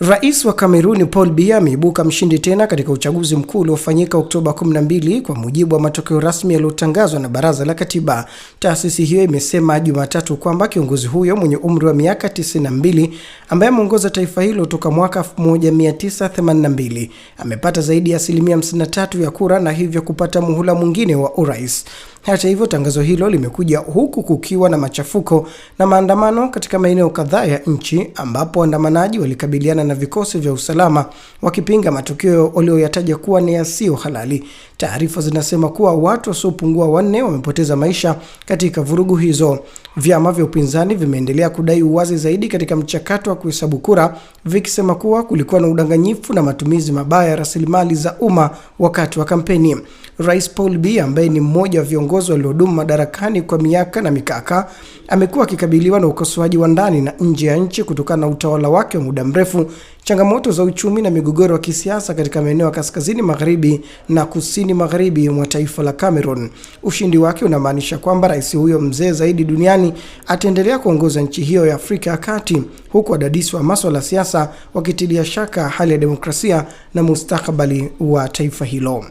Rais wa Kameruni Paul Biya ameibuka mshindi tena katika uchaguzi mkuu uliofanyika Oktoba 12 kwa mujibu wa matokeo rasmi yaliyotangazwa na Baraza la Katiba. Taasisi hiyo imesema Jumatatu kwamba kiongozi huyo mwenye umri wa miaka 92 ambaye ameongoza taifa hilo toka mwaka 1982 amepata zaidi ya asilimia 53 ya kura na hivyo kupata muhula mwingine wa urais. Hata hivyo, tangazo hilo limekuja huku kukiwa na machafuko na maandamano katika maeneo kadhaa ya nchi, ambapo waandamanaji walikabiliana na vikosi vya usalama wakipinga matukio walioyataja kuwa ni yasiyo halali. Taarifa zinasema kuwa watu wasiopungua wanne wamepoteza maisha katika vurugu hizo. Vyama vya upinzani vimeendelea kudai uwazi zaidi katika mchakato wa kuhesabu kura, vikisema kuwa kulikuwa na udanganyifu na matumizi mabaya ya rasilimali za umma wakati wa kampeni. Rais Paul Biya ambaye ni mmoja wa viongozi waliodumu madarakani kwa miaka na mikaka, amekuwa akikabiliwa na ukosoaji wa ndani na nje ya nchi kutokana na utawala wake wa muda mrefu, changamoto za uchumi na migogoro ya kisiasa katika maeneo ya kaskazini magharibi na kusini magharibi mwa taifa la Cameroon. Ushindi wake unamaanisha kwamba rais huyo mzee zaidi duniani ataendelea kuongoza nchi hiyo ya Afrika ya Kati, huku wadadisi wa maswala ya siasa wakitilia shaka hali ya demokrasia na mustakabali wa taifa hilo.